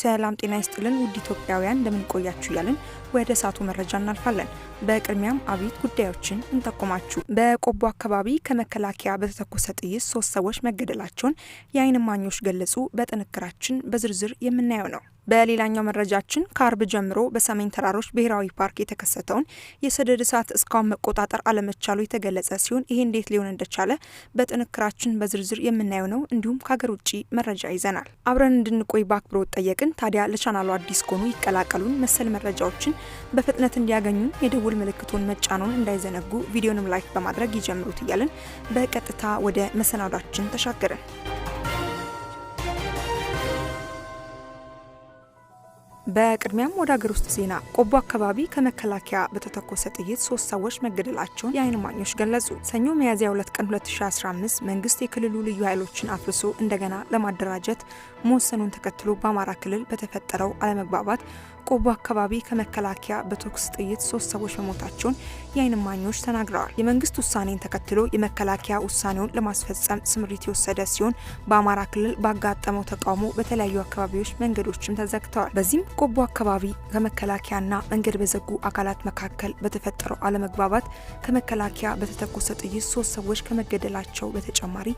ሰላም ጤና ይስጥልን ውድ ኢትዮጵያውያን ቆያችሁ እያልን ወደ ሰዓቱ መረጃ እናልፋለን። በቅድሚያም አብይት ጉዳዮችን እንጠቁማችሁ። በቆቦ አካባቢ ከመከላከያ በተተኮሰ ጥይት ሶስት ሰዎች መገደላቸውን የአይን እማኞች ገለጹ። በጥንክራችን በዝርዝር የምናየው ነው። በሌላኛው መረጃችን ከአርብ ጀምሮ በሰሜን ተራሮች ብሔራዊ ፓርክ የተከሰተውን የሰደድ እሳት እስካሁን መቆጣጠር አለመቻሉ የተገለጸ ሲሆን ይህ እንዴት ሊሆን እንደቻለ በጥንክራችን በዝርዝር የምናየው ነው። እንዲሁም ከሀገር ውጭ መረጃ ይዘናል። አብረን እንድንቆይ በአክብሮት ጠየቅን። ታዲያ ለቻናሉ አዲስ ከሆኑ ይቀላቀሉን። መሰል መረጃዎችን በፍጥነት እንዲያገኙን የደውል ምልክቱን መጫኑን እንዳይዘነጉ፣ ቪዲዮንም ላይክ በማድረግ ይጀምሩት እያልን በቀጥታ ወደ መሰናዷችን ተሻገርን። በቅድሚያም ወደ አገር ውስጥ ዜና ቆቦ አካባቢ ከመከላከያ በተተኮሰ ጥይት ሶስት ሰዎች መገደላቸውን የአይን ማኞች ገለጹ። ሰኞ ሚያዝያ 2 ቀን 2015 መንግስት የክልሉ ልዩ ኃይሎችን አፍርሶ እንደገና ለማደራጀት መወሰኑን ተከትሎ በአማራ ክልል በተፈጠረው አለመግባባት ቆቦ አካባቢ ከመከላከያ በተኩስ ጥይት ሶስት ሰዎች መሞታቸውን የአይን እማኞች ተናግረዋል። የመንግስት ውሳኔን ተከትሎ የመከላከያ ውሳኔውን ለማስፈጸም ስምሪት የወሰደ ሲሆን በአማራ ክልል ባጋጠመው ተቃውሞ በተለያዩ አካባቢዎች መንገዶችም ተዘግተዋል። በዚህም ቆቦ አካባቢ ከመከላከያና መንገድ በዘጉ አካላት መካከል በተፈጠረው አለመግባባት ከመከላከያ በተተኮሰ ጥይት ሶስት ሰዎች ከመገደላቸው በተጨማሪ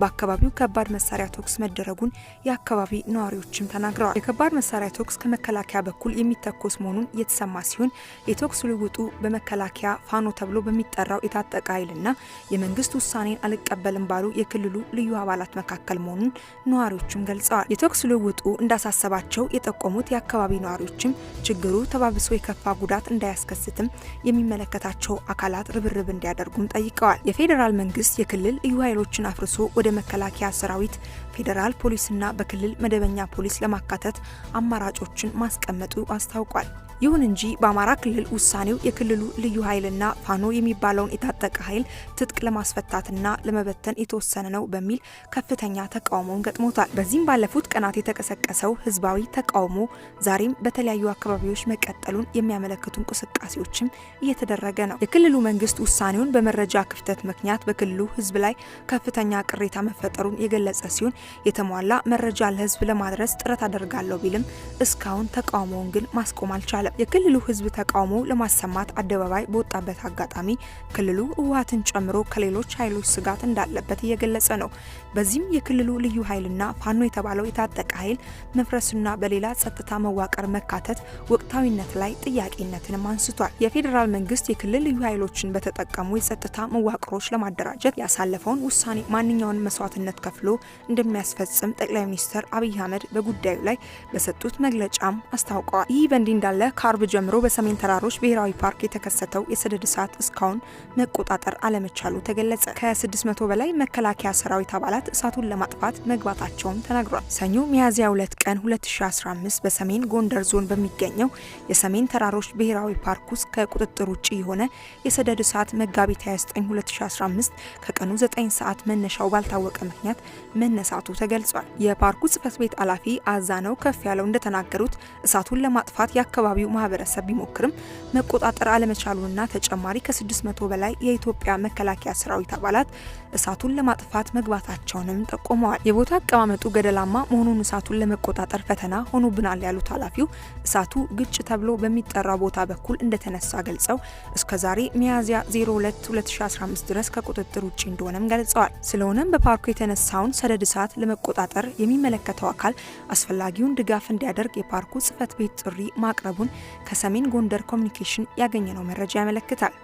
በአካባቢው ከባድ መሳሪያ ተኩስ መደረጉን የአካባቢ ነዋሪዎችም ተናግረዋል። የከባድ መሳሪያ ተኩስ ከመከላከያ በኩል የሚተኮስ መሆኑን የተሰማ ሲሆን የተኩስ ልውውጡ በመከላከያ ፋኖ ተብሎ በሚጠራው የታጠቀ ኃይልና የመንግስት ውሳኔን አልቀበልም ባሉ የክልሉ ልዩ አባላት መካከል መሆኑን ነዋሪዎችም ገልጸዋል። የተኩስ ልውውጡ እንዳሳሰባቸው የጠቆሙት የአካባቢ ነዋሪዎችም ችግሩ ተባብሶ የከፋ ጉዳት እንዳያስከስትም የሚመለከታቸው አካላት ርብርብ እንዲያደርጉም ጠይቀዋል። የፌዴራል መንግስት የክልል ልዩ ኃይሎችን አፍርሶ ወደ መከላከያ ሰራዊት፣ ፌዴራል ፖሊስና በክልል መደበኛ ፖሊስ ለማካተት አማራጮችን ማስቀመጡ አስታውቋል። ይሁን እንጂ በአማራ ክልል ውሳኔው የክልሉ ልዩ ኃይልና ፋኖ የሚባለውን የታጠቀ ኃይል ትጥቅ ለማስፈታትና ለመበተን የተወሰነ ነው በሚል ከፍተኛ ተቃውሞውን ገጥሞታል። በዚህም ባለፉት ቀናት የተቀሰቀሰው ህዝባዊ ተቃውሞ ዛሬም በተለያዩ አካባቢዎች መቀጠሉን የሚያመለክቱ እንቅስቃሴዎችም እየተደረገ ነው። የክልሉ መንግስት ውሳኔውን በመረጃ ክፍተት ምክንያት በክልሉ ህዝብ ላይ ከፍተኛ ቅሬታ መፈጠሩን የገለጸ ሲሆን የተሟላ መረጃ ለህዝብ ለማድረስ ጥረት አደርጋለሁ ቢልም እስካሁን ተቃውሞውን ግን ማስቆም አልቻለም። የክልሉ ህዝብ ተቃውሞ ለማሰማት አደባባይ በወጣበት አጋጣሚ ክልሉ ህወሓትን ጨምሮ ከሌሎች ኃይሎች ስጋት እንዳለበት እየገለጸ ነው። በዚህም የክልሉ ልዩ ኃይልና ፋኖ የተባለው የታጠቀ ኃይል መፍረስና በሌላ ጸጥታ መዋቅር መካተት ወቅታዊነት ላይ ጥያቄነትንም አንስቷል። የፌዴራል መንግስት የክልል ልዩ ኃይሎችን በተጠቀሙ የጸጥታ መዋቅሮች ለማደራጀት ያሳለፈውን ውሳኔ ማንኛውን መስዋዕትነት ከፍሎ እንደሚያስፈጽም ጠቅላይ ሚኒስትር አብይ አህመድ በጉዳዩ ላይ በሰጡት መግለጫም አስታውቀዋል። ተገልጿል። ይህ በእንዲህ እንዳለ ከአርብ ጀምሮ በሰሜን ተራሮች ብሔራዊ ፓርክ የተከሰተው የሰደድ እሳት እስካሁን መቆጣጠር አለመቻሉ ተገለጸ። ከ600 በላይ መከላከያ ሰራዊት አባላት እሳቱን ለማጥፋት መግባታቸውም ተናግሯል። ሰኞ ሚያዝያ 2 ቀን 2015 በሰሜን ጎንደር ዞን በሚገኘው የሰሜን ተራሮች ብሔራዊ ፓርክ ውስጥ ከቁጥጥር ውጭ የሆነ የሰደድ እሳት መጋቢት 29 2015 ከቀኑ 9 ሰዓት መነሻው ባልታወቀ ምክንያት መነሳቱ ተገልጿል። የፓርኩ ጽሕፈት ቤት ኃላፊ አዛነው ከፍ ያለው እንደተናገሩት እሳቱን ለማጥፋት የአካባቢው ማህበረሰብ ቢሞክርም መቆጣጠር አለመቻሉንና ተጨማሪ ከ600 በላይ የኢትዮጵያ መከላከያ ሰራዊት አባላት እሳቱን ለማጥፋት መግባታቸውንም ጠቁመዋል። የቦታ አቀማመጡ ገደላማ መሆኑን እሳቱን ለመቆጣጠር ፈተና ሆኖብናል ያሉት ኃላፊው እሳቱ ግጭ ተብሎ በሚጠራው ቦታ በኩል እንደተነሳ ገልጸው እስከዛሬ ሚያዝያ 02 2015 ድረስ ከቁጥጥር ውጭ እንደሆነም ገልጸዋል። ስለሆነም በፓርኩ የተነሳውን ሰደድ እሳት ለመቆጣጠር የሚመለከተው አካል አስፈላጊውን ድጋፍ እንዲያደርግ የፓርኩ ጽህፈት ቤት ጥሪ ማቅረቡን ከሰሜን ጎንደር ኮሚኒኬሽን ያገኘነው መረጃ ያመለክታል።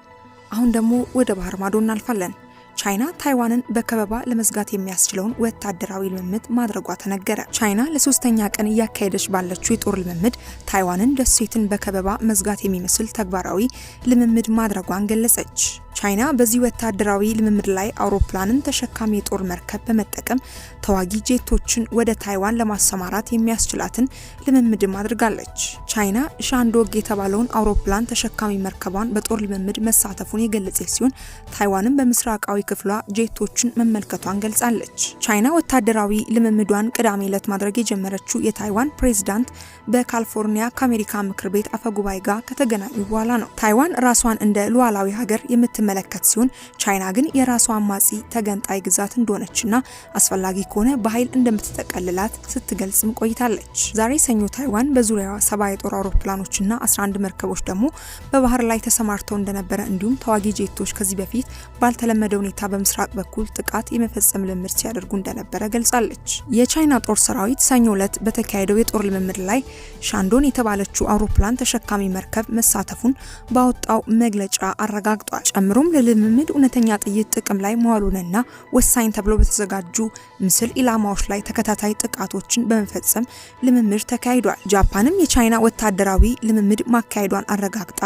አሁን ደግሞ ወደ ባህር ማዶ እናልፋለን። ቻይና ታይዋንን በከበባ ለመዝጋት የሚያስችለውን ወታደራዊ ልምምድ ማድረጓ ተነገረ። ቻይና ለሶስተኛ ቀን እያካሄደች ባለችው የጦር ልምምድ ታይዋንን ደሴትን በከበባ መዝጋት የሚመስል ተግባራዊ ልምምድ ማድረጓን ገለጸች። ቻይና በዚህ ወታደራዊ ልምምድ ላይ አውሮፕላንን ተሸካሚ የጦር መርከብ በመጠቀም ተዋጊ ጄቶችን ወደ ታይዋን ለማሰማራት የሚያስችላትን ልምምድም አድርጋለች። ቻይና ሻንዶግ የተባለውን አውሮፕላን ተሸካሚ መርከቧን በጦር ልምምድ መሳተፉን የገለጸች ሲሆን ታይዋንም በምስራቃዊ ክፍሏ ጄቶችን መመልከቷን ገልጻለች። ቻይና ወታደራዊ ልምምዷን ቅዳሜ ዕለት ማድረግ የጀመረችው የታይዋን ፕሬዚዳንት በካሊፎርኒያ ከአሜሪካ ምክር ቤት አፈጉባኤ ጋር ከተገናኙ በኋላ ነው። ታይዋን ራሷን እንደ ሉዓላዊ ሀገር የምትመ የሚመለከት ሲሆን ቻይና ግን የራሷ አማጺ ተገንጣይ ግዛት እንደሆነችና አስፈላጊ ከሆነ በኃይል እንደምትጠቀልላት ስትገልጽም ቆይታለች። ዛሬ ሰኞ ታይዋን በዙሪያዋ ሰባ የጦር አውሮፕላኖችና 11 መርከቦች ደግሞ በባህር ላይ ተሰማርተው እንደነበረ እንዲሁም ተዋጊ ጄቶች ከዚህ በፊት ባልተለመደ ሁኔታ በምስራቅ በኩል ጥቃት የመፈጸም ልምድ ሲያደርጉ እንደነበረ ገልጻለች። የቻይና ጦር ሰራዊት ሰኞ ዕለት በተካሄደው የጦር ልምምድ ላይ ሻንዶን የተባለችው አውሮፕላን ተሸካሚ መርከብ መሳተፉን ባወጣው መግለጫ አረጋግጧል። ጨምሮ ሞተሩም ለልምምድ እውነተኛ ጥይት ጥቅም ላይ መዋሉንና ወሳኝ ተብሎ በተዘጋጁ ምስል ኢላማዎች ላይ ተከታታይ ጥቃቶችን በመፈጸም ልምምድ ተካሂዷል። ጃፓንም የቻይና ወታደራዊ ልምምድ ማካሄዷን አረጋግጣ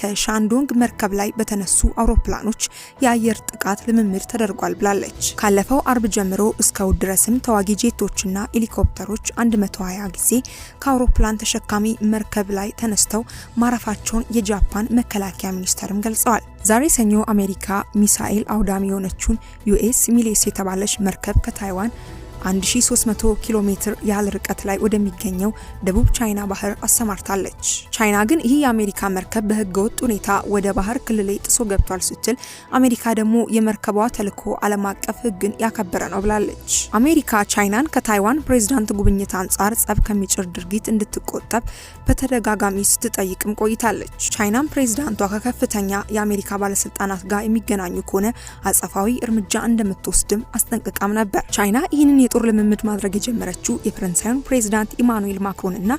ከሻንዶንግ መርከብ ላይ በተነሱ አውሮፕላኖች የአየር ጥቃት ልምምድ ተደርጓል ብላለች። ካለፈው አርብ ጀምሮ እስከ እሁድ ድረስም ተዋጊ ጄቶችና ሄሊኮፕተሮች 120 ጊዜ ከአውሮፕላን ተሸካሚ መርከብ ላይ ተነስተው ማረፋቸውን የጃፓን መከላከያ ሚኒስተርም ገልጸዋል። ዛሬ ሰኞ አሜሪካ ሚሳኤል አውዳሚ የሆነችውን ዩኤስ ሚሌስ የተባለች መርከብ ከታይዋን 1300 ኪሎ ሜትር ያህል ርቀት ላይ ወደሚገኘው ደቡብ ቻይና ባህር አሰማርታለች። ቻይና ግን ይህ የአሜሪካ መርከብ በህገ ወጥ ሁኔታ ወደ ባህር ክልል ጥሶ ገብቷል ስትል፣ አሜሪካ ደግሞ የመርከቧ ተልዕኮ ዓለም አቀፍ ህግን ያከበረ ነው ብላለች። አሜሪካ ቻይናን ከታይዋን ፕሬዝዳንት ጉብኝት አንጻር ጸብ ከሚጭር ድርጊት እንድትቆጠብ በተደጋጋሚ ስትጠይቅም ቆይታለች። ቻይናም ፕሬዝዳንቷ ከከፍተኛ የአሜሪካ ባለስልጣናት ጋር የሚገናኙ ከሆነ አጸፋዊ እርምጃ እንደምትወስድም አስጠንቅቃም ነበር። ቻይና ይህንን የጦር ልምምድ ማድረግ የጀመረችው የፈረንሳዩን ፕሬዚዳንት ኢማኑኤል ማክሮን እና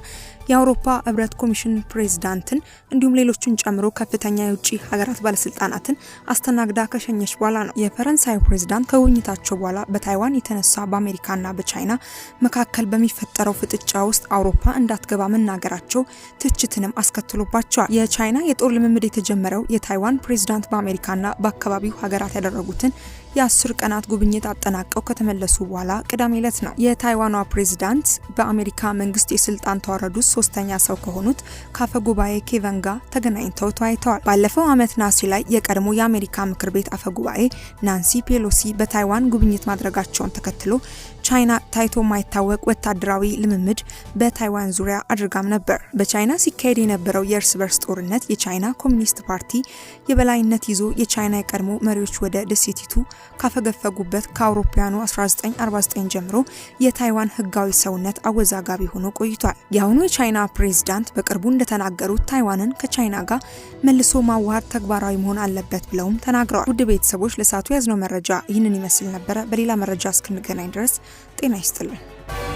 የአውሮፓ ህብረት ኮሚሽን ፕሬዝዳንትን እንዲሁም ሌሎችን ጨምሮ ከፍተኛ የውጭ ሀገራት ባለስልጣናትን አስተናግዳ ከሸኘች በኋላ ነው። የፈረንሳዩ ፕሬዝዳንት ከጉብኝታቸው በኋላ በታይዋን የተነሳ በአሜሪካና በቻይና መካከል በሚፈጠረው ፍጥጫ ውስጥ አውሮፓ እንዳትገባ መናገራቸው ትችትንም አስከትሎባቸዋል። የቻይና የጦር ልምምድ የተጀመረው የታይዋን ፕሬዝዳንት በአሜሪካና በአካባቢው ሀገራት ያደረጉትን የአስር ቀናት ጉብኝት አጠናቀው ከተመለሱ በኋላ ቅዳሜ ዕለት ነው። የታይዋኗ ፕሬዝዳንት በአሜሪካ መንግስት የስልጣን ተዋረዱ ሶስተኛ ሰው ከሆኑት ከአፈ ጉባኤ ኬቨን ጋር ተገናኝተው ተወያይተዋል። ባለፈው ዓመት ናሲ ላይ የቀድሞ የአሜሪካ ምክር ቤት አፈ ጉባኤ ናንሲ ፔሎሲ በታይዋን ጉብኝት ማድረጋቸውን ተከትሎ ቻይና ታይቶ የማይታወቅ ወታደራዊ ልምምድ በታይዋን ዙሪያ አድርጋም ነበር። በቻይና ሲካሄድ የነበረው የእርስ በርስ ጦርነት የቻይና ኮሚኒስት ፓርቲ የበላይነት ይዞ የቻይና የቀድሞ መሪዎች ወደ ደሴቲቱ ካፈገፈጉበት ከአውሮፓውያኑ 1949 ጀምሮ የታይዋን ሕጋዊ ሰውነት አወዛጋቢ ሆኖ ቆይቷል። የአሁኑ የቻይና ፕሬዝዳንት በቅርቡ እንደተናገሩት ታይዋንን ከቻይና ጋር መልሶ ማዋሃድ ተግባራዊ መሆን አለበት ብለውም ተናግረዋል። ውድ ቤተሰቦች ለሳቱ ያዝነው መረጃ ይህንን ይመስል ነበረ። በሌላ መረጃ እስክንገናኝ ድረስ ጤና ይስጥልን።